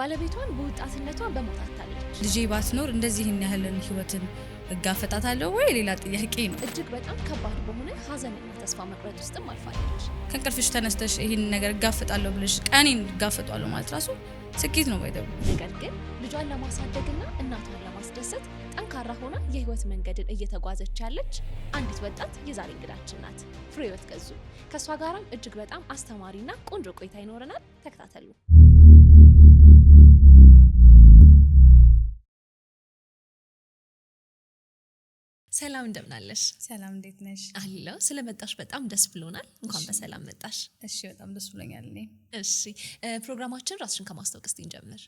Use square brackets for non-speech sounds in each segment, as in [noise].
ባለቤቷን በወጣትነቷ በሞታታለች። ልጄ ባትኖር እንደዚህን ያህልን ህይወትን እጋፈጣታለሁ ወይ ሌላ ጥያቄ ነው። እጅግ በጣም ከባድ በሆነ ሀዘንና ተስፋ መቁረጥ ውስጥም አልፋለች። ከእንቅልፍሽ ተነስተሽ ይህን ነገር እጋፈጣለሁ ብለሽ ቀኔን እጋፈጧለሁ ማለት ራሱ ስኬት ነው ወይደ ነገር ግን ልጇን ለማሳደግና እናቷን ለማስደሰት ጠንካራ ሆና የህይወት መንገድን እየተጓዘች ያለች አንዲት ወጣት የዛሬ እንግዳችን ናት፣ ፍሬህይወት ገዙ። ከእሷ ጋራም እጅግ በጣም አስተማሪና ቆንጆ ቆይታ ይኖረናል። ተከታተሉ። ሰላም እንደምናለሽ? ሰላም እንዴት ነሽ? አለ ስለመጣሽ በጣም ደስ ብሎናል። እንኳን በሰላም መጣሽ። እሺ በጣም ደስ ብሎኛል እኔ። እሺ ፕሮግራማችን ራስሽን ከማስታወቅ እስቲ እንጀምር።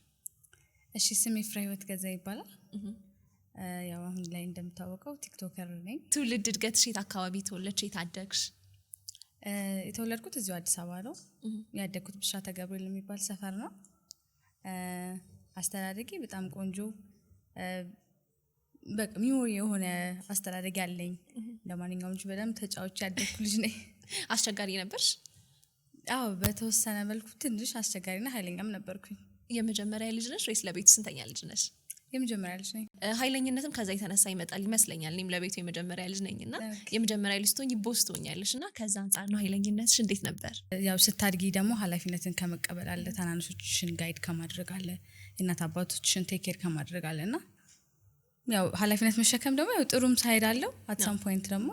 እሺ ስሜ ፍሬህይወት ገዛ ይባላል። ያው አሁን ላይ እንደምታወቀው ቲክቶከር ነኝ። ትውልድ እድገት ሴት አካባቢ ተወለድሽ? ሴት አደግሽ? የተወለድኩት እዚሁ አዲስ አበባ ነው። ያደግኩት ብሻ ገብርኤል የሚባል ሰፈር ነው። አስተዳደጌ በጣም ቆንጆ በቃ ሚሞሪ የሆነ አስተዳደግ ያለኝ ለማንኛውም ልጅ በደንብ ተጫዎች ያደግኩ ልጅ ነ አስቸጋሪ ነበርሽ? አዎ በተወሰነ መልኩ ትንሽ አስቸጋሪና ኃይለኛም ነበርኩኝ። የመጀመሪያ ልጅ ነሽ ወይስ ለቤቱ ስንተኛ ልጅ ነሽ? የመጀመሪያ ልጅ ነኝ። ሀይለኝነትም ከዛ የተነሳ ይመጣል ይመስለኛል። እኔም ለቤቱ የመጀመሪያ ልጅ ነኝ እና የመጀመሪያ ልጅ ስትሆኝ ቦስ ትሆኛለሽ እና ከዛ አንጻር ነው ኃይለኝነትሽ። እንዴት ነበር? ያው ስታድጊ ደግሞ ኃላፊነትን ከመቀበል አለ፣ ታናናሾችሽን ጋይድ ከማድረግ አለ፣ እናት አባቶችሽን ቴክ ከማድረግ አለ እና ያው ኃላፊነት መሸከም ደግሞ ጥሩም ሳይድ አለው። አትሳም ፖይንት ደግሞ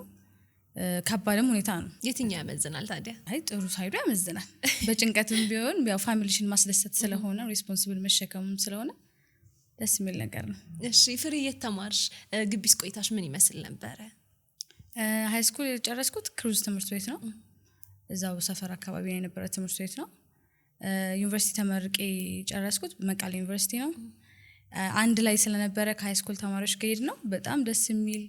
ከባድም ሁኔታ ነው። የትኛው ያመዝናል ታዲያ? አይ ጥሩ ሳይዱ ያመዝናል። [laughs] በጭንቀትም ቢሆን ያው ፋሚሊሽን ማስደሰት ስለሆነ ሬስፖንስብል መሸከሙም ስለሆነ ደስ የሚል ነገር ነው። እሺ ፍሬ፣ የተማርሽ ግቢስ ቆይታሽ ምን ይመስል ነበረ? ሀይ ስኩል የጨረስኩት ክሩዝ ትምህርት ቤት ነው። እዛው ሰፈር አካባቢ የነበረ ትምህርት ቤት ነው። ዩኒቨርሲቲ ተመርቄ ጨረስኩት መቃል ዩኒቨርሲቲ ነው። አንድ ላይ ስለነበረ ከሃይስኩል ተማሪዎች ከሄድ ነው በጣም ደስ የሚል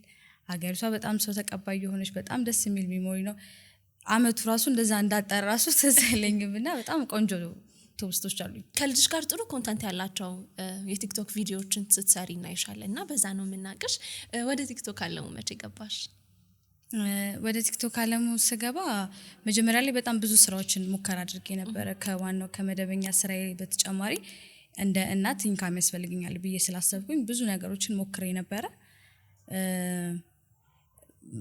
ሀገሪቷ በጣም ሰው ተቀባይ የሆነች በጣም ደስ የሚል ሚሞሪ ነው። አመቱ ራሱ እንደዛ እንዳጠር ራሱ ትዝ [laughs] እና በጣም ቆንጆ ትውስቶች አሉ። ከልጅሽ ጋር ጥሩ ኮንተንት ያላቸው የቲክቶክ ቪዲዮዎችን ስትሰሪ እናይሻለን እና በዛ ነው የምናቅሽ። ወደ ቲክቶክ አለሙ መቼ ገባሽ? ወደ ቲክቶክ አለሙ ስገባ መጀመሪያ ላይ በጣም ብዙ ስራዎችን ሙከራ አድርጌ ነበረ ከዋናው ከመደበኛ ስራ በተጨማሪ እንደ እናት ኢንካም ያስፈልግኛል ብዬ ስላሰብኩኝ ብዙ ነገሮችን ሞክሬ ነበረ።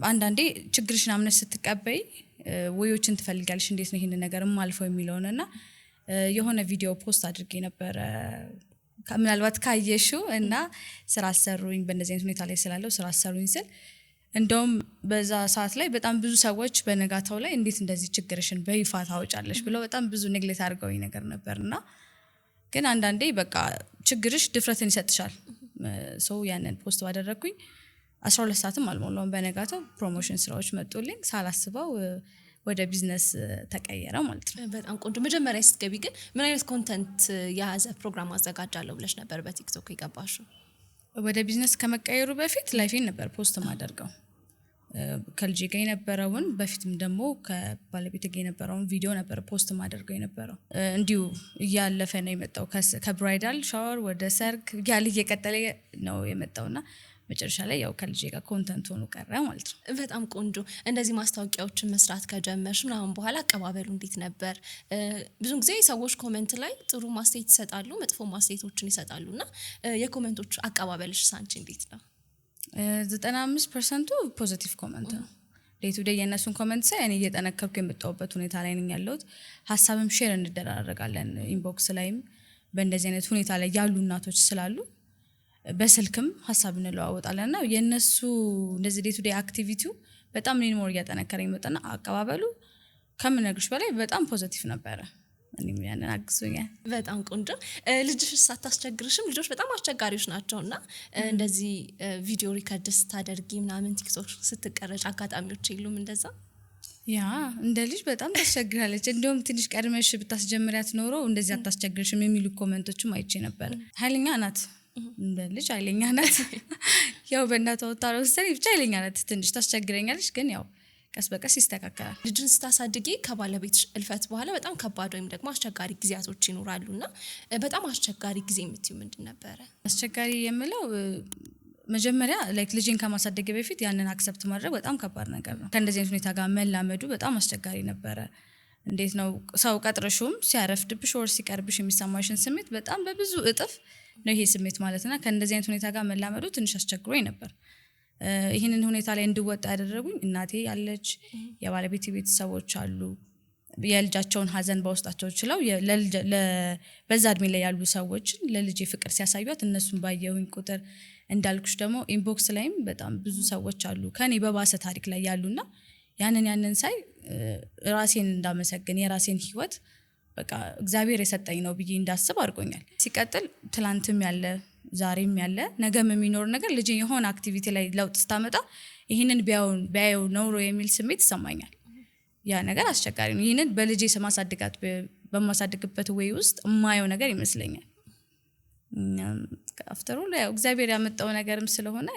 አንዳንዴ ችግርሽን አምነት ስትቀበይ ወዮችን ትፈልጊያለሽ። እንዴት ነው ይሄንን ነገር ማልፈው የሚለውን እና የሆነ ቪዲዮ ፖስት አድርጌ ነበረ ምናልባት ካየሹ እና ስራ አሰሩኝ በእንደዚህ አይነት ሁኔታ ላይ ስላለው ስራ አሰሩኝ ስል እንደውም በዛ ሰዓት ላይ በጣም ብዙ ሰዎች በነጋታው ላይ እንዴት እንደዚህ ችግርሽን በይፋ ታወጫለሽ ብለው በጣም ብዙ ኔግሌት አድርገው ነገር ነበር እና ግን አንዳንዴ በቃ ችግርሽ ድፍረትን ይሰጥሻል። ሰው ያንን ፖስት ባደረግኩኝ አስራ ሁለት ሰዓትም አልሞላውም በነጋተው ፕሮሞሽን ስራዎች መጡልኝ ሳላስበው ወደ ቢዝነስ ተቀየረ ማለት ነው። በጣም ቆንጆ። መጀመሪያ ስትገቢ ግን ምን አይነት ኮንተንት የያዘ ፕሮግራም አዘጋጃለሁ ብለሽ ነበር በቲክቶክ የገባሽው? ወደ ቢዝነስ ከመቀየሩ በፊት ላይፌን ነበር ፖስት ማደርገው ከልጄ ጋር የነበረውን በፊትም ደግሞ ከባለቤት ጋር የነበረውን ቪዲዮ ነበር ፖስት ማደርገው የነበረው። እንዲሁ እያለፈ ነው የመጣው ከብራይዳል ሻወር ወደ ሰርግ ያለ እየቀጠለ ነው የመጣውና መጨረሻ ላይ ያው ከልጄ ጋር ኮንተንት ሆኖ ቀረ ማለት ነው። በጣም ቆንጆ። እንደዚህ ማስታወቂያዎችን መስራት ከጀመርሽ ምናምን በኋላ አቀባበሉ እንዴት ነበር? ብዙ ጊዜ ሰዎች ኮመንት ላይ ጥሩ ማስተያየት ይሰጣሉ፣ መጥፎ ማስተያየቶችን ይሰጣሉ እና የኮመንቶች አቀባበልሽ ሳንቺ እንዴት ነው? ዘጠና አምስት ፐርሰንቱ ፖዘቲቭ ኮመንት ነው። ዴይ ደ የእነሱን ኮመንት ሳይ እኔ እየጠነከርኩ የመጣሁበት ሁኔታ ላይ ነኝ ያለሁት። ሀሳብም ሼር እንደራረጋለን። ኢንቦክስ ላይም በእንደዚህ አይነት ሁኔታ ላይ ያሉ እናቶች ስላሉ በስልክም ሀሳብ እንለዋወጣለን እና የእነሱ እንደዚህ ዴቱ ደ አክቲቪቲው በጣም ኔን ሞር እያጠነከረኝ መጣና አቀባበሉ ከምነግሮች በላይ በጣም ፖዘቲቭ ነበረ። እኔም ያንን በጣም ቆንጆ። ልጅሽ ሳታስቸግርሽም ልጆች በጣም አስቸጋሪዎች ናቸው እና እንደዚህ ቪዲዮ ሪከርድ ስታደርጊ ምናምን ቲክቶክ ስትቀረጭ አጋጣሚዎች የሉም እንደዛ? ያ እንደ ልጅ በጣም ታስቸግራለች። እንዲሁም ትንሽ ቀድመሽ ብታስጀምሪያት ኖሮ እንደዚህ አታስቸግርሽም የሚሉ ኮመንቶችም አይቼ ነበር። ኃይለኛ ናት እንደ ልጅ ኃይለኛ ናት። [laughs] ያው በእናቷ ወታረ ውስጥ ብቻ ኃይለኛ ናት። ትንሽ ታስቸግረኛለች ግን ያው ቀስ በቀስ ይስተካከላል። ልጅን ስታሳድጊ ከባለቤት እልፈት በኋላ በጣም ከባድ ወይም ደግሞ አስቸጋሪ ጊዜያቶች ይኖራሉ እና በጣም አስቸጋሪ ጊዜ የምትዩ ምንድን ነበረ? አስቸጋሪ የምለው መጀመሪያ ላይክ ልጅን ከማሳደግ በፊት ያንን አክሰፕት ማድረግ በጣም ከባድ ነገር ነው። ከእንደዚህ አይነት ሁኔታ ጋር መላመዱ በጣም አስቸጋሪ ነበረ። እንዴት ነው ሰው ቀጥረሹም ሲያረፍድብሽ ወር ሲቀርብሽ የሚሰማሽን ስሜት በጣም በብዙ እጥፍ ነው ይሄ ስሜት ማለት እና ከእንደዚህ አይነት ሁኔታ ጋር መላመዱ ትንሽ አስቸግሮኝ ነበር። ይህንን ሁኔታ ላይ እንድወጣ ያደረጉኝ እናቴ ያለች የባለቤት ቤተሰቦች አሉ። የልጃቸውን ሀዘን በውስጣቸው ችለው በዛ እድሜ ላይ ያሉ ሰዎችን ለልጅ ፍቅር ሲያሳዩት እነሱን ባየሁኝ ቁጥር እንዳልኩሽ ደግሞ ኢንቦክስ ላይም በጣም ብዙ ሰዎች አሉ ከኔ በባሰ ታሪክ ላይ ያሉና ያንን ያንን ሳይ ራሴን እንዳመሰግን የራሴን ህይወት በቃ እግዚአብሔር የሰጠኝ ነው ብዬ እንዳስብ አድርጎኛል። ሲቀጥል ትላንትም ያለ ዛሬም ያለ ነገም የሚኖር ነገር ልጅ የሆነ አክቲቪቲ ላይ ለውጥ ስታመጣ ይህንን ቢያየው ኖሮ የሚል ስሜት ይሰማኛል። ያ ነገር አስቸጋሪ ነው። ይህንን በልጅ ማሳድጋት በማሳድግበት ወይ ውስጥ የማየው ነገር ይመስለኛል። አፍተሩ እግዚአብሔር ያመጣው ነገርም ስለሆነ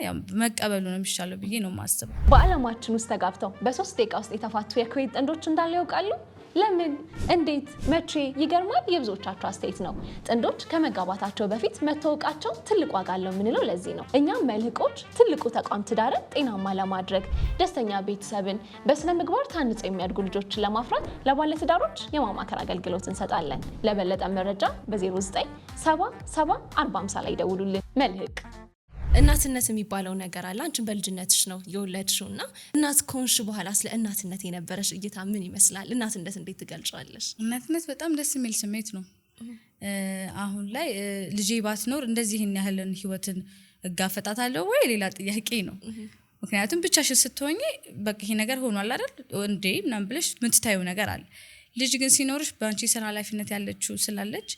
መቀበሉ ነው የሚሻለው ብዬ ነው የማስበው። በአለማችን ውስጥ ተጋብተው በሶስት ደቂቃ ውስጥ የተፋቱ የኩዌት ጥንዶች እንዳለ ያውቃሉ? ለምን፣ እንዴት፣ መቼ? ይገርማል። የብዙዎቻቸው አስተያየት ነው። ጥንዶች ከመጋባታቸው በፊት መተዋወቃቸው ትልቅ ዋጋ አለው የምንለው ለዚህ ነው። እኛም መልህቆች ትልቁ ተቋም ትዳርን ጤናማ ለማድረግ ደስተኛ ቤተሰብን በስነ ምግባር ታንጸው የሚያድጉ ልጆችን ለማፍራት ለባለትዳሮች የማማከር አገልግሎት እንሰጣለን። ለበለጠ መረጃ በ0977 45 ላይ ደውሉልን መልህቅ እናትነት የሚባለው ነገር አለ። አንቺን በልጅነትሽ ነው የወለድሽው እና እናት ከሆንሽ በኋላ ስለ እናትነት የነበረሽ እይታ ምን ይመስላል? እናትነት እንዴት ትገልጫለሽ? እናትነት በጣም ደስ የሚል ስሜት ነው። አሁን ላይ ልጄ ባትኖር እንደዚህን ያህልን ህይወትን እጋፈጣታለሁ ወይ ሌላ ጥያቄ ነው። ምክንያቱም ብቻሽን ስትሆኝ በቃ ይሄ ነገር ሆኗል አይደል እንዴ ምናምን ብለሽ ምትታዩ ነገር አለ። ልጅ ግን ሲኖርሽ በአንቺ ስራ ኃላፊነት ያለችው ስላለች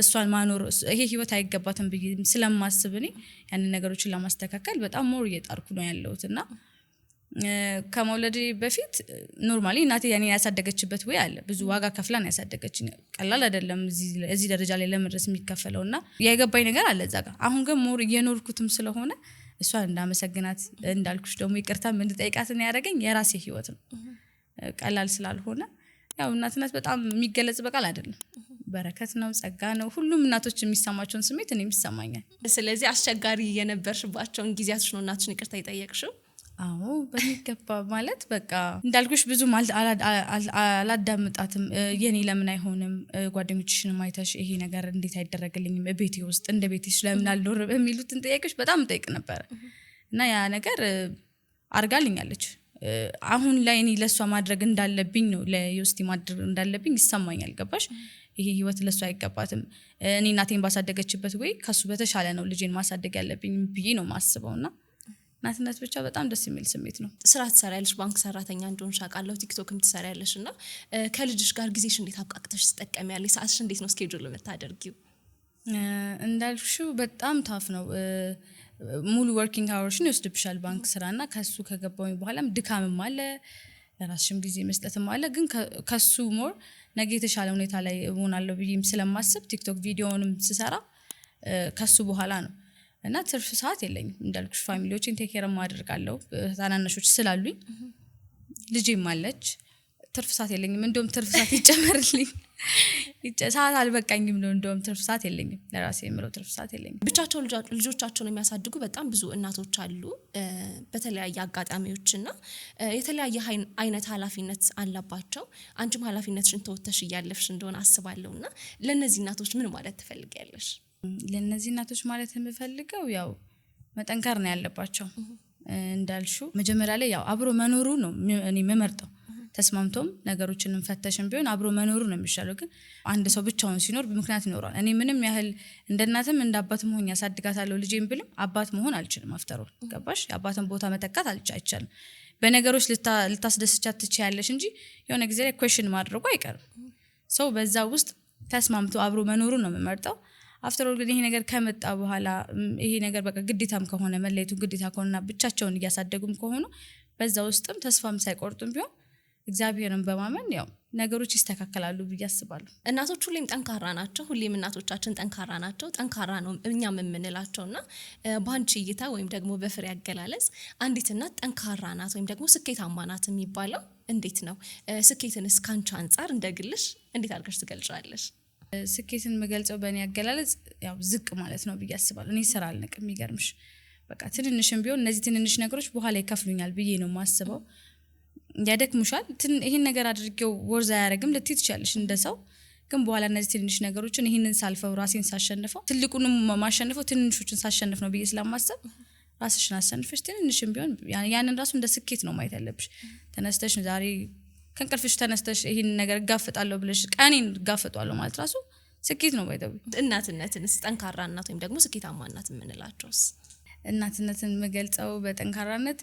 እሷን ማኖር ይሄ ህይወት አይገባትም ብዬ ስለማስብ እኔ ያንን ነገሮችን ለማስተካከል በጣም ሞር እየጣርኩ ነው ያለሁት እና ከመውለድ በፊት ኖርማሊ እናቴ ያኔ ያሳደገችበት ወይ አለ ብዙ ዋጋ ከፍላን ያሳደገች ቀላል አደለም እዚህ ደረጃ ላይ ለመድረስ የሚከፈለው እና ያይገባኝ ነገር አለ እዛ ጋር። አሁን ግን ሞር እየኖርኩትም ስለሆነ እሷን እንዳመሰግናት እንዳልኩሽ ደግሞ ይቅርታ እንድጠይቃትን ያደረገኝ የራሴ ህይወት ነው ቀላል ስላልሆነ ያው እናትነት በጣም የሚገለጽ በቃል አይደለም። በረከት ነው፣ ጸጋ ነው። ሁሉም እናቶች የሚሰማቸውን ስሜት እኔም ይሰማኛል። ስለዚህ አስቸጋሪ የነበርሽባቸውን ጊዜያቶች ነው እናቶችን ይቅርታ የጠየቅሽው? አዎ በሚገባ ማለት በቃ እንዳልኩሽ ብዙም አላዳምጣትም። የኔ ለምን አይሆንም፣ ጓደኞችሽን ማይተሽ ይሄ ነገር እንዴት አይደረግልኝም፣ ቤቴ ውስጥ እንደ ቤትሽ ለምን አልኖር የሚሉትን ጥያቄዎች በጣም ጠይቅ ነበር እና ያ ነገር አርጋልኛለች። አሁን ላይ እኔ ለእሷ ማድረግ እንዳለብኝ ነው ለዮስቲ ማድረግ እንዳለብኝ ይሰማኛል። ገባሽ? ይሄ ህይወት ለሱ አይገባትም፣ እኔ እናቴን ባሳደገችበት ወይ ከሱ በተሻለ ነው ልጄን ማሳደግ ያለብኝ ብዬ ነው ማስበው እና እናትነት ብቻ በጣም ደስ የሚል ስሜት ነው። ስራ ትሰሪያለሽ፣ ባንክ ሰራተኛ እንደሆን አውቃለሁ። ቲክቶክም ትሰሪያለሽ እና ከልጅሽ ጋር ጊዜሽ እንዴት አብቃቅተሽ ያለ ሰአትሽ እንዴት ነው ስኬጁል የምታደርጊው? እንዳልሹ በጣም ታፍ ነው። ሙሉ ወርኪንግ አወርሽን ይወስድብሻል ባንክ ስራ እና ከሱ ከገባሁኝ በኋላም ድካምም አለ ለራስሽም ጊዜ መስጠትም አለ ግን ከሱ ሞር ነገ የተሻለ ሁኔታ ላይ እሆናለሁ ብዬም ስለማስብ ቲክቶክ ቪዲዮውንም ስሰራ ከሱ በኋላ ነው እና ትርፍ ሰዓት የለኝ እንዳልኩሽ ፋሚሊዎችን ቴክ ኬር አለው ታናናሾች ስላሉኝ ልጅም አለች። ትርፍ ሰዓት የለኝም። እንደውም ትርፍ ሰዓት ይጨመርልኝ ሰዓት አልበቃኝም ነው። እንደውም ትርፍ ሰዓት የለኝም ለራሴ የምለው ትርፍ ሰዓት የለኝም። ብቻቸው ልጆቻቸውን የሚያሳድጉ በጣም ብዙ እናቶች አሉ በተለያየ አጋጣሚዎች እና የተለያየ አይነት ኃላፊነት አለባቸው። አንቺም ኃላፊነትሽን ተወተሽ እያለፍሽ እንደሆነ አስባለሁ እና ለእነዚህ እናቶች ምን ማለት ትፈልጊያለሽ? ለእነዚህ እናቶች ማለት የምፈልገው ያው መጠንከር ነው ያለባቸው እንዳልሹ መጀመሪያ ላይ ያው አብሮ መኖሩ ነው እኔ መመርጠው ተስማምቶም ነገሮችን እንፈተሽም ቢሆን አብሮ መኖሩ ነው የሚሻለው። ግን አንድ ሰው ብቻውን ሲኖር ምክንያት ይኖረዋል። እኔ ምንም ያህል እንደ እናትም እንደ አባት መሆን ያሳድጋታለሁ ልጅም ብልም አባት መሆን አልችልም። አፍተሮ ገባሽ? የአባትን ቦታ መተካት አይቻልም። በነገሮች ልታስደስቻ ትችያለሽ እንጂ የሆነ ጊዜ ላይ ኮሽን ማድረጉ አይቀርም። ሰው በዛ ውስጥ ተስማምቶ አብሮ መኖሩ ነው የምመርጠው። አፍተሮል ግን ይሄ ነገር ከመጣ በኋላ ይሄ ነገር በቃ ግዴታም ከሆነ መለየቱ ግዴታ ከሆነና ብቻቸውን እያሳደጉም ከሆኑ በዛ ውስጥም ተስፋም ሳይቆርጡም ቢሆን እግዚአብሔርን በማመን ያው ነገሮች ይስተካከላሉ ብዬ አስባለሁ። እናቶች ሁሌም ጠንካራ ናቸው። ሁሌም እናቶቻችን ጠንካራ ናቸው። ጠንካራ ነው እኛም የምንላቸው እና በአንቺ እይታ ወይም ደግሞ በፍሬ አገላለጽ አንዲት እናት ጠንካራ ናት ወይም ደግሞ ስኬታማ ናት የሚባለው እንዴት ነው? ስኬትንስ ከአንቺ አንጻር እንደግልሽ እንዴት አድርገሽ ትገልጫለሽ? ስኬትን የምገልጸው በእኔ አገላለጽ ያው ዝቅ ማለት ነው ብዬ አስባለሁ። እኔ ስራ አልንቅም። የሚገርምሽ በቃ ትንንሽም ቢሆን እነዚህ ትንንሽ ነገሮች በኋላ ይከፍሉኛል ብዬ ነው የማስበው ያደክሙሻል። ይህን ነገር አድርጌው ወርዝ አያደርግም ልትይ ትችላለሽ እንደ ሰው ግን በኋላ እነዚህ ትንንሽ ነገሮችን ይህንን ሳልፈው ራሴን ሳሸንፈው ትልቁንም ማሸንፈው ትንንሾችን ሳሸንፍ ነው ብዬ ስለማሰብ ራስሽን አሸንፈሽ ትንንሽም ቢሆን ያንን ራሱ እንደ ስኬት ነው ማየት ያለብሽ። ተነስተሽ ዛሬ ከእንቅልፍሽ ተነስተሽ ይህን ነገር እጋፈጣለሁ ብለሽ ቀኔን እጋፈጧለሁ ማለት ራሱ ስኬት ነው ባይተው። እናትነትንስ ጠንካራ እናት ወይም ደግሞ ስኬታማ እናት የምንላቸውስ? እናትነትን የምገልጸው በጠንካራነት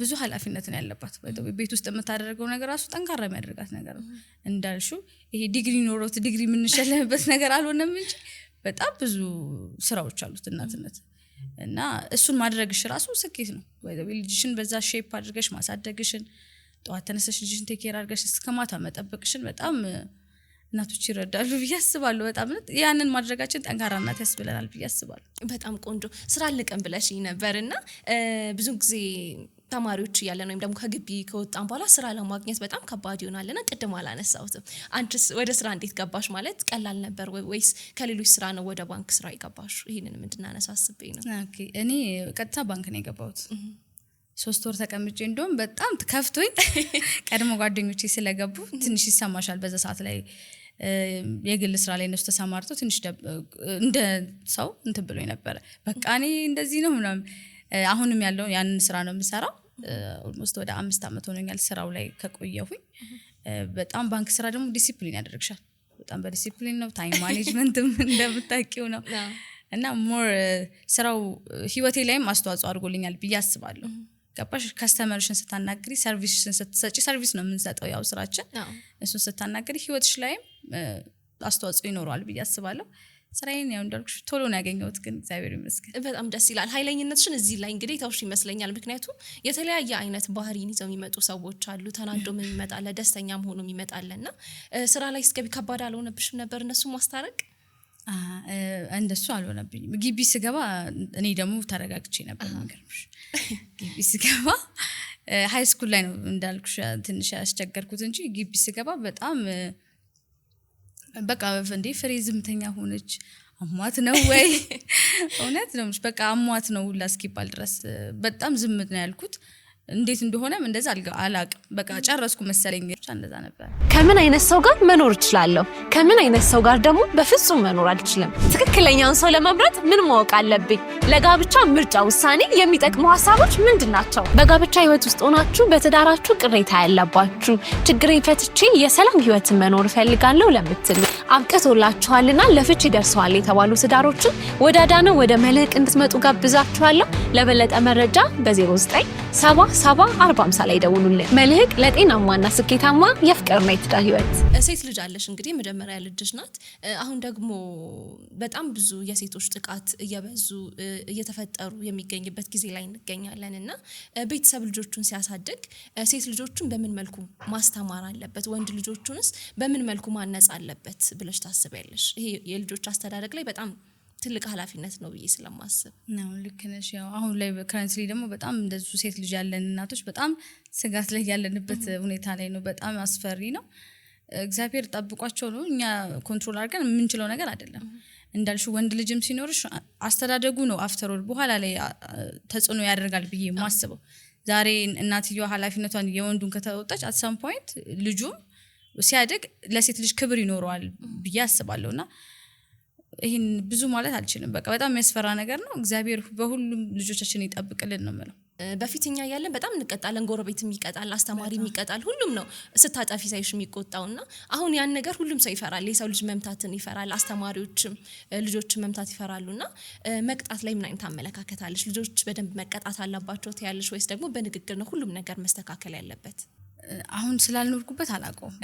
ብዙ ኃላፊነትን ያለባት ቤት ውስጥ የምታደርገው ነገር ራሱ ጠንካራ የሚያደርጋት ነገር ነው። እንዳልሹ ይሄ ዲግሪ ኖሮት ዲግሪ የምንሸለምበት ነገር አልሆነም እንጂ በጣም ብዙ ስራዎች አሉት እናትነት እና እሱን ማድረግሽ ራሱ ስኬት ነው። ልጅሽን በዛ ሼፕ አድርገሽ ማሳደግሽን ጠዋት ተነሰሽ ልጅሽን ቴኬር አድርገሽ እስከ ማታ መጠበቅሽን በጣም እናቶች ይረዳሉ ብዬ አስባለሁ። በጣም ያንን ማድረጋችን ጠንካራ እናት ያስብለናል ብዬ አስባለሁ። በጣም ቆንጆ ስራ አለቀን ብለሽ ነበር እና ብዙ ጊዜ ተማሪዎች እያለን ወይም ደግሞ ከግቢ ከወጣን በኋላ ስራ ለማግኘት በጣም ከባድ ይሆናል ና ቅድም አላነሳሁትም። አንቺስ ወደ ስራ እንዴት ገባሽ? ማለት ቀላል ነበር ወይስ ከሌሎች ስራ ነው ወደ ባንክ ስራ የገባሽ? ይህንን እንድናነሳ ነው። እኔ ቀጥታ ባንክ ነው የገባሁት። ሶስት ወር ተቀምጬ እንደውም በጣም ከፍቶኝ [laughs] ቀድሞ ጓደኞች ስለገቡ ትንሽ ይሰማሻል በዛ ሰዓት ላይ የግል ስራ ላይ እነሱ ተሰማርተው ትንሽ እንደ ሰው እንትን ብሎኝ ነበረ። በቃ እኔ እንደዚህ ነው ምናም አሁንም ያለው ያንን ስራ ነው የምሰራው ኦልሞስት ወደ አምስት ዓመት ሆኖኛል ስራው ላይ ከቆየሁኝ። በጣም ባንክ ስራ ደግሞ ዲሲፕሊን ያደርግሻል። በጣም በዲሲፕሊን ነው፣ ታይም ማኔጅመንትም [laughs] እንደምታቂው ነው እና ሞር ስራው ህይወቴ ላይም አስተዋጽኦ አድርጎልኛል ብዬ አስባለሁ። ገባሽ? ከስተመርሽን ስታናግሪ፣ ሰርቪስሽን ስትሰጪ፣ ሰርቪስ ነው የምንሰጠው ያው ስራችን። እሱን ስታናግሪ ህይወትሽ ላይም አስተዋጽኦ ይኖረዋል ብዬ አስባለሁ። ስራዬን ያው እንዳልኩሽ ቶሎ ነው ያገኘሁት፣ ግን እግዚአብሔር ይመስገን። በጣም ደስ ይላል። ኃይለኝነትሽን እዚህ ላይ እንግዲህ ተውሽ ይመስለኛል። ምክንያቱም የተለያየ አይነት ባህሪን ይዘው የሚመጡ ሰዎች አሉ። ምን ይመጣለ፣ ደስተኛ መሆኑም ይመጣለ። እና ስራ ላይ ስገቢ ከባድ አልሆነብሽም ነበር እነሱ ማስታረቅ? እንደሱ አልሆነብኝም። ግቢ ስገባ እኔ ደግሞ ተረጋግቼ ነበር። የሚገርምሽ ግቢ ስገባ ስኩል ላይ ነው እንዳልኩሽ ትንሽ ያስቸገርኩት እንጂ ግቢ ስገባ በጣም በቃ እንዴ ፍሬ ዝምተኛ ሆነች። አሟት ነው ወይ? [laughs] እውነት ነው። በቃ አሟት ነው ሁላ እስኪባል ድረስ በጣም ዝምት ነው ያልኩት። እንዴት እንደሆነም እንደዛ አላቅም። በቃ ጨረስኩ መሰለኝ። እንደዛ ነበር። ከምን አይነት ሰው ጋር መኖር እችላለሁ፣ ከምን አይነት ሰው ጋር ደግሞ በፍጹም መኖር አልችልም። ትክክለኛውን ሰው ለመምረጥ ምን ማወቅ አለብኝ? ለጋብቻ ምርጫ ውሳኔ የሚጠቅሙ ሀሳቦች ምንድን ናቸው? በጋብቻ ህይወት ውስጥ ሆናችሁ በትዳራችሁ ቅሬታ ያለባችሁ ችግሬን ፈትቼ የሰላም ህይወትን መኖር እፈልጋለሁ ለምትል አብቅቶላችኋልና ለፍች ይደርሰዋል የተባሉ ትዳሮችን ወደ አዳነው ወደ መልህቅ እንድትመጡ ጋብዛችኋለሁ። ለበለጠ መረጃ በ097745 ላይ ደውሉልን። መልህቅ ለጤናማና ስኬታማ የፍቅርና የትዳር ህይወት። ሴት ልጅ አለሽ እንግዲህ መጀመሪያ ልጅሽ ናት። አሁን ደግሞ በጣም ብዙ የሴቶች ጥቃት እየበዙ እየተፈጠሩ የሚገኝበት ጊዜ ላይ እንገኛለን እና ቤተሰብ ልጆቹን ሲያሳድግ ሴት ልጆቹን በምን መልኩ ማስተማር አለበት? ወንድ ልጆቹንስ በምን መልኩ ማነጽ አለበት? ብለሽ ታስቢያለሽ? ይሄ የልጆች አስተዳደግ ላይ በጣም ትልቅ ኃላፊነት ነው ብዬ ስለማስብ ነው። ልክ ነሽ። ያው አሁን ላይ ከረንት ላይ ደግሞ በጣም እንደዙ ሴት ልጅ ያለን እናቶች በጣም ስጋት ላይ ያለንበት ሁኔታ ላይ ነው። በጣም አስፈሪ ነው። እግዚአብሔር ጠብቋቸው ነው። እኛ ኮንትሮል አድርገን የምንችለው ነገር አይደለም። እንዳልሽ ወንድ ልጅም ሲኖርሽ አስተዳደጉ ነው አፍተሮል በኋላ ላይ ተጽዕኖ ያደርጋል ብዬ የማስበው ዛሬ እናትየዋ ኃላፊነቷን የወንዱን ከተወጣች አት ሳም ፖይንት ልጁም ሲያድግ ለሴት ልጅ ክብር ይኖረዋል ብዬ አስባለሁ እና ይህን ብዙ ማለት አልችልም። በቃ በጣም የሚያስፈራ ነገር ነው። እግዚአብሔር በሁሉም ልጆቻችን ይጠብቅልን ነው የምለው። በፊትኛ ያለን በጣም እንቀጣለን። ጎረቤት ይቀጣል፣ አስተማሪ ይቀጣል፣ ሁሉም ነው ስታጠፊ ሳይሽ የሚቆጣው እና አሁን ያን ነገር ሁሉም ሰው ይፈራል። የሰው ልጅ መምታትን ይፈራል። አስተማሪዎችም ልጆችን መምታት ይፈራሉ እና መቅጣት ላይ ምን አይነት አመለካከት ልጆች በደንብ መቀጣት አለባቸው ትያለሽ ወይስ ደግሞ በንግግር ነው ሁሉም ነገር መስተካከል ያለበት? አሁን ስላልኖርኩበት አላውቀውም።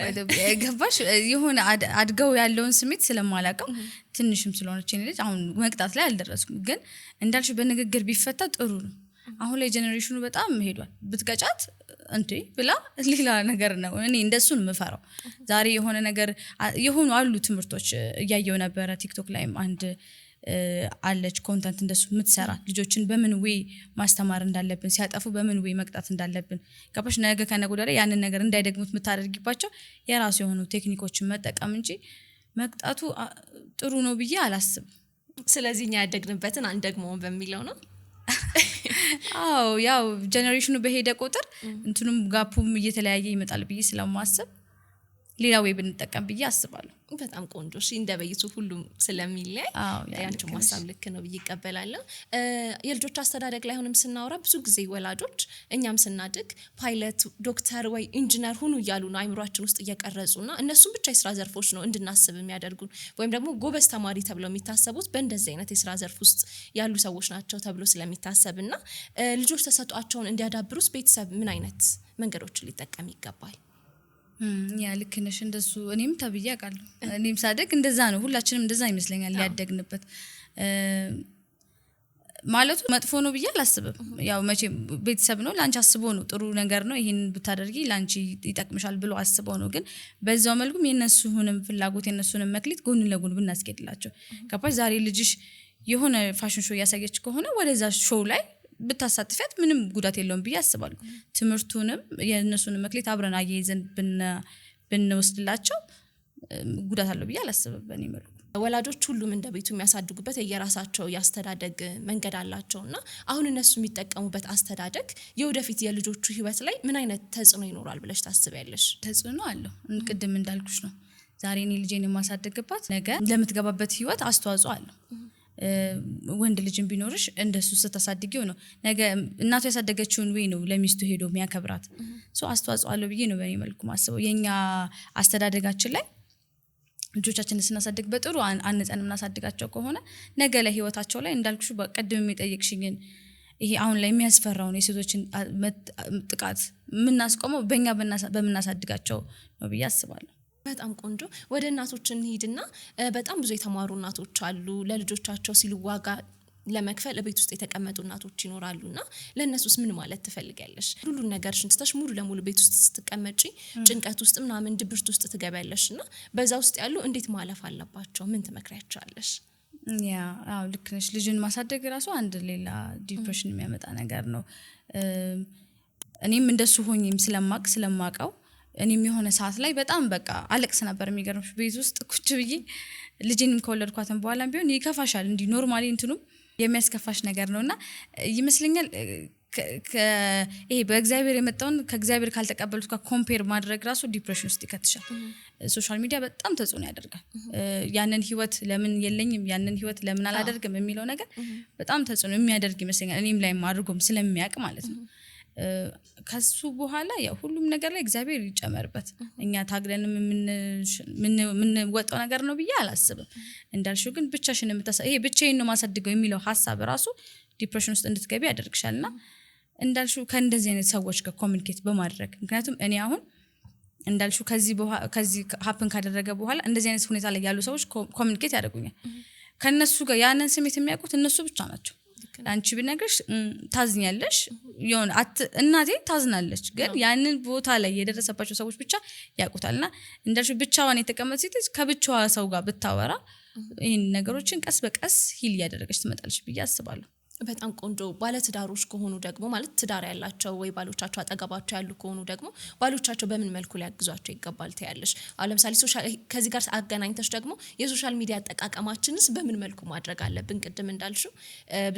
ገባሽ? የሆነ አድገው ያለውን ስሜት ስለማላውቀው ትንሽም ስለሆነች ልጅ አሁን መቅጣት ላይ አልደረስኩም። ግን እንዳልሽ በንግግር ቢፈታ ጥሩ ነው። አሁን ላይ ጀኔሬሽኑ በጣም ሄዷል። ብትቀጫት እንዴ ብላ ሌላ ነገር ነው። እኔ እንደሱን የምፈራው ዛሬ የሆነ ነገር የሆኑ አሉ ትምህርቶች እያየው ነበረ ቲክቶክ ላይም አንድ አለች ኮንተንት እንደሱ የምትሰራ ልጆችን በምን ዌይ ማስተማር እንዳለብን ሲያጠፉ በምን ዌይ መቅጣት እንዳለብን ገባሽ? ነገ ከነገ ወዲያ ላይ ያንን ነገር እንዳይደግሙት የምታደርጊባቸው የራሱ የሆኑ ቴክኒኮችን መጠቀም እንጂ መቅጣቱ ጥሩ ነው ብዬ አላስብም። ስለዚህ እኛ ያደግንበትን አንደግመውን በሚለው ነው። አዎ ያው ጀኔሬሽኑ በሄደ ቁጥር እንትኑም ጋፑም እየተለያየ ይመጣል ብዬ ስለማስብ ሌላ ወይ ብንጠቀም ብዬ አስባለሁ። በጣም ቆንጆ እሺ። እንደበይቱ ሁሉም ስለሚለያይ ያንቺን ማሳብ ልክ ነው ብዬ ይቀበላለሁ። የልጆች አስተዳደግ ላይ ሁንም ስናወራ ብዙ ጊዜ ወላጆች እኛም ስናድግ ፓይለት፣ ዶክተር ወይ ኢንጂነር ሁኑ እያሉ ነው አይምሯችን ውስጥ እየቀረጹና እነሱም ብቻ የስራ ዘርፎች ነው እንድናስብ የሚያደርጉን ወይም ደግሞ ጎበዝ ተማሪ ተብለው የሚታሰቡት በእንደዚህ አይነት የስራ ዘርፍ ውስጥ ያሉ ሰዎች ናቸው ተብሎ ስለሚታሰብና ልጆች ተሰጧቸውን እንዲያዳብሩስ ቤተሰብ ምን አይነት መንገዶችን ሊጠቀም ይገባል? ያ ልክ ነሽ። እንደሱ እኔም ተብዬ አውቃለሁ። እኔም ሳደግ እንደዛ ነው። ሁላችንም እንደዛ ይመስለኛል ያደግንበት ማለቱ መጥፎ ነው ብዬ አላስብም። ያው መቼ ቤተሰብ ነው ለአንቺ አስቦ ነው ጥሩ ነገር ነው ይህን ብታደርጊ ለአንቺ ይጠቅምሻል ብሎ አስበው ነው። ግን በዛው መልኩም የነሱንም ፍላጎት የነሱንም መክሊት ጎን ለጎን ብናስኬድላቸው፣ ከፓሽ ዛሬ ልጅሽ የሆነ ፋሽን ሾው እያሳየች ከሆነ ወደዛ ሾው ላይ ብታሳትፊያት ምንም ጉዳት የለውም ብዬ አስባለሁ። ትምህርቱንም የእነሱንም መክሌት አብረን አያይዘን ብንወስድላቸው ጉዳት አለው ብዬ አላስብም ይመሉ ወላጆች ሁሉም እንደ ቤቱ የሚያሳድጉበት የየራሳቸው የአስተዳደግ መንገድ አላቸው እና አሁን እነሱ የሚጠቀሙበት አስተዳደግ የወደፊት የልጆቹ ህይወት ላይ ምን አይነት ተጽዕኖ ይኖራል ብለሽ ታስቢያለሽ? ተጽዕኖ አለው። ቅድም እንዳልኩች ነው ዛሬ እኔ ልጄን የማሳደግባት ነገ ለምትገባበት ህይወት አስተዋጽኦ አለው። ወንድ ልጅም ቢኖርሽ እንደሱ ስታሳድጊው ነው ነገ እናቱ ያሳደገችውን ወይ ነው ለሚስቱ ሄዶ የሚያከብራት አስተዋጽኦ አለው ብዬ ነው በእኔ መልኩ ማስበው። የእኛ አስተዳደጋችን ላይ ልጆቻችንን ስናሳድግ በጥሩ አንጸን የምናሳድጋቸው ከሆነ ነገ ላይ ህይወታቸው ላይ እንዳልኩ ቀድም የሚጠይቅሽኝን ይሄ አሁን ላይ የሚያስፈራውን የሴቶችን ጥቃት የምናስቆመው በእኛ በምናሳድጋቸው ነው ብዬ አስባለሁ። በጣም ቆንጆ። ወደ እናቶች እንሂድና በጣም ብዙ የተማሩ እናቶች አሉ። ለልጆቻቸው ሲሉ ዋጋ ለመክፈል ቤት ውስጥ የተቀመጡ እናቶች ይኖራሉ እና ለእነሱስ ምን ማለት ትፈልጊያለሽ? ሁሉን ነገርሽን ትተሽ ሙሉ ለሙሉ ቤት ውስጥ ስትቀመጪ ጭንቀት ውስጥ ምናምን ድብርት ውስጥ ትገቢያለሽ እና በዛ ውስጥ ያሉ እንዴት ማለፍ አለባቸው? ምን ትመክሪያቸዋለሽ? ያው ልክ ነሽ። ልጅን ማሳደግ ራሱ አንድ ሌላ ዲፕሬሽን የሚያመጣ ነገር ነው። እኔም እንደሱ ሆኜም ስለማቅ ስለማቀው እኔም የሆነ ሰዓት ላይ በጣም በቃ አለቅስ ነበር። የሚገርምሽ ቤት ውስጥ ቁጭ ብዬ ልጅንም ከወለድኳትን በኋላም ቢሆን ይከፋሻል። እንዲህ ኖርማሊ እንትኑም የሚያስከፋሽ ነገር ነው እና ይመስለኛል ይሄ በእግዚአብሔር የመጣውን ከእግዚአብሔር ካልተቀበሉት ጋር ኮምፔር ማድረግ ራሱ ዲፕሬሽን ውስጥ ይከትሻል። ሶሻል ሚዲያ በጣም ተጽዕኖ ያደርጋል። ያንን ህይወት ለምን የለኝም፣ ያንን ህይወት ለምን አላደርግም የሚለው ነገር በጣም ተጽዕኖ የሚያደርግ ይመስለኛል። እኔም ላይም አድርጎም ስለሚያውቅ ማለት ነው ከሱ በኋላ ያው ሁሉም ነገር ላይ እግዚአብሔር ይጨመርበት። እኛ ታግለን የምንወጣው ነገር ነው ብዬ አላስብም። እንዳልሽው ግን ብቻሽን የምታሳ ይሄ ብቻዬን ነው ማሳድገው የሚለው ሀሳብ ራሱ ዲፕሬሽን ውስጥ እንድትገቢ ያደርግሻል። እና እንዳልሽው ከእንደዚህ አይነት ሰዎች ጋር ኮሚኒኬት በማድረግ ምክንያቱም እኔ አሁን እንዳልሽው ከዚህ ሀፕን ካደረገ በኋላ እንደዚህ አይነት ሁኔታ ላይ ያሉ ሰዎች ኮሚኒኬት ያደርጉኛል። ከእነሱ ጋር ያንን ስሜት የሚያውቁት እነሱ ብቻ ናቸው። ለአንቺ ብነግርሽ ታዝኛለሽ። እናቴ ታዝናለች፣ ግን ያንን ቦታ ላይ የደረሰባቸው ሰዎች ብቻ ያውቁታል። እና እንዳልሽ ብቻዋን የተቀመጥ ሴት ከብቻዋ ሰው ጋር ብታወራ ይህን ነገሮችን ቀስ በቀስ ሂል እያደረገች ትመጣለች ብዬ አስባለሁ። በጣም ቆንጆ ባለትዳሮች ከሆኑ ደግሞ ማለት ትዳር ያላቸው ወይ ባሎቻቸው አጠገባቸው ያሉ ከሆኑ ደግሞ ባሎቻቸው በምን መልኩ ሊያግዟቸው ይገባል ትያለሽ? አሁ ለምሳሌ ከዚህ ጋር አገናኝተች ደግሞ የሶሻል ሚዲያ አጠቃቀማችንስ በምን መልኩ ማድረግ አለብን? ቅድም እንዳልሽው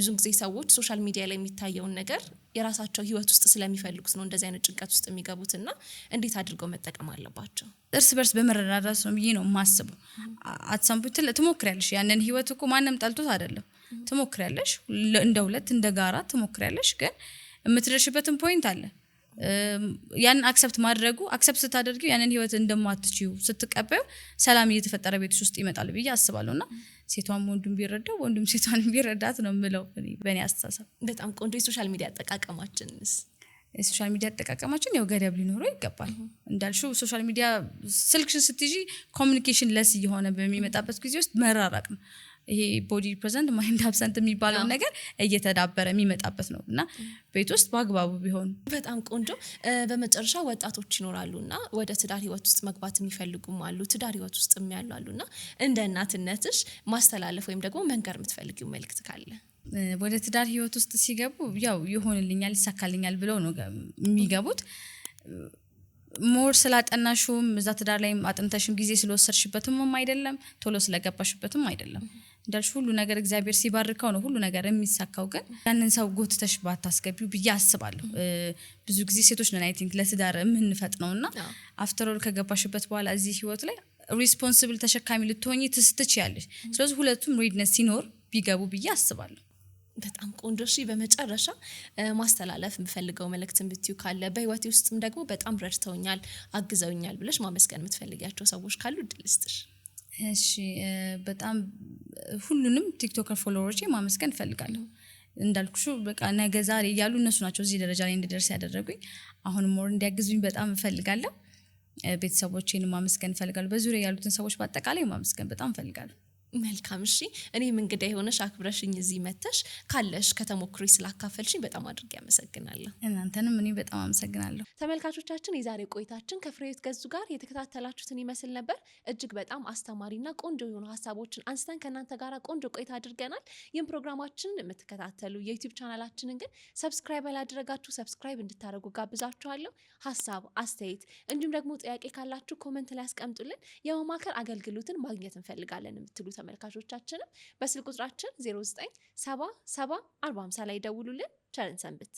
ብዙ ጊዜ ሰዎች ሶሻል ሚዲያ ላይ የሚታየውን ነገር የራሳቸው ህይወት ውስጥ ስለሚፈልጉት ነው እንደዚህ አይነት ጭንቀት ውስጥ የሚገቡት እና እንዴት አድርገው መጠቀም አለባቸው? እርስ በርስ በመረዳዳት ነው ብዬ ነው የማስበው። አትሰንቡት ትሞክሪያለሽ። ያንን ህይወት እኮ ማንም ጠልቶት አይደለም ትሞክሪያለሽ፣ እንደ ሁለት እንደ ጋራ ትሞክሪያለሽ። ግን የምትደርሽበትን ፖይንት አለ። ያንን አክሰፕት ማድረጉ አክሰፕት ስታደርጊው ያንን ህይወት እንደማትችዩ ስትቀበዩ ሰላም እየተፈጠረ ቤትሽ ውስጥ ይመጣል ብዬ አስባለሁ እና ሴቷም ወንዱም ቢረዳው ወንዱም ሴቷን ቢረዳት ነው የምለው በእኔ አስተሳሰብ። በጣም ቆንጆ። የሶሻል ሚዲያ አጠቃቀማችንስ? የሶሻል ሚዲያ አጠቃቀማችን ያው ገደብ ሊኖረው ይገባል። እንዳልሽው ሶሻል ሚዲያ ስልክሽን ስትይዥ ኮሚኒኬሽን ለስ እየሆነ በሚመጣበት ጊዜ ውስጥ መራራቅ ነው። ይሄ ቦዲ ፕሬዘንት ማይንድ አብሰንት የሚባለውን ነገር እየተዳበረ የሚመጣበት ነው እና ቤት ውስጥ በአግባቡ ቢሆን በጣም ቆንጆ። በመጨረሻ ወጣቶች ይኖራሉ እና ወደ ትዳር ህይወት ውስጥ መግባት የሚፈልጉም አሉ፣ ትዳር ህይወት ውስጥ ያሉ አሉ እና እንደ እናትነትሽ ማስተላለፍ ወይም ደግሞ መንገር የምትፈልጊው መልክት ካለ ወደ ትዳር ህይወት ውስጥ ሲገቡ ያው ይሆንልኛል፣ ይሳካልኛል ብለው ነው የሚገቡት። ሞር ስላጠናሹም እዛ ትዳር ላይም አጥንተሽም ጊዜ ስለወሰድሽበትም አይደለም ቶሎ ስለገባሽበትም አይደለም። እንዳልሽ ሁሉ ነገር እግዚአብሔር ሲባርከው ነው ሁሉ ነገር የሚሳካው። ግን ያንን ሰው ጎትተሽ ባታስገቢው ብዬ አስባለሁ። ብዙ ጊዜ ሴቶች ነን አይ ቲንክ ለትዳር የምንፈጥ ነው እና አፍተሮል ከገባሽበት በኋላ እዚህ ህይወት ላይ ሪስፖንስብል ተሸካሚ ልትሆኝ ትስትች ያለች። ስለዚህ ሁለቱም ሬድነስ ሲኖር ቢገቡ ብዬ አስባለሁ። በጣም ቆንጆ። እሺ በመጨረሻ ማስተላለፍ የምፈልገው መልእክትን ብትዩ ካለ በህይወቴ ውስጥም ደግሞ በጣም ረድተውኛል፣ አግዘውኛል ብለሽ ማመስገን የምትፈልጊያቸው ሰዎች ካሉ እድል ስጥሽ። እሺ በጣም ሁሉንም ቲክቶከር ፎሎወሮቼ ማመስገን እፈልጋለሁ። እንዳልኩሹ በቃ ነገ ዛሬ እያሉ እነሱ ናቸው እዚህ ደረጃ ላይ እንድደርስ ያደረጉኝ። አሁን ሞር እንዲያግዙኝ በጣም እፈልጋለሁ። ቤተሰቦቼን ማመስገን እፈልጋለሁ። በዙሪያ ያሉትን ሰዎች በአጠቃላይ ማመስገን በጣም እፈልጋለሁ መልካም እሺ፣ እኔም እንግዳ የሆነሽ አክብረሽኝ እዚህ መተሽ ካለሽ ከተሞክሮ ስላካፈልሽኝ በጣም አድርጌ አመሰግናለሁ። እናንተንም እኔ በጣም አመሰግናለሁ። ተመልካቾቻችን፣ የዛሬ ቆይታችን ከፍሬዎት ገዙ ጋር የተከታተላችሁትን ይመስል ነበር። እጅግ በጣም አስተማሪና ቆንጆ የሆኑ ሀሳቦችን አንስተን ከእናንተ ጋር ቆንጆ ቆይታ አድርገናል። ይህም ፕሮግራማችን የምትከታተሉ የዩቲብ ቻናላችንን ግን ሰብስክራይብ ያላደረጋችሁ ሰብስክራይብ እንድታደረጉ ጋብዛችኋለሁ። ሀሳብ አስተያየት፣ እንዲሁም ደግሞ ጥያቄ ካላችሁ ኮመንት ላይ ያስቀምጡልን። የመማከር አገልግሎትን ማግኘት እንፈልጋለን የምትሉት ተመልካቾቻችንም በስልክ ቁጥራችን 0977 ላይ ደውሉልን። ቸርን ሰንብት።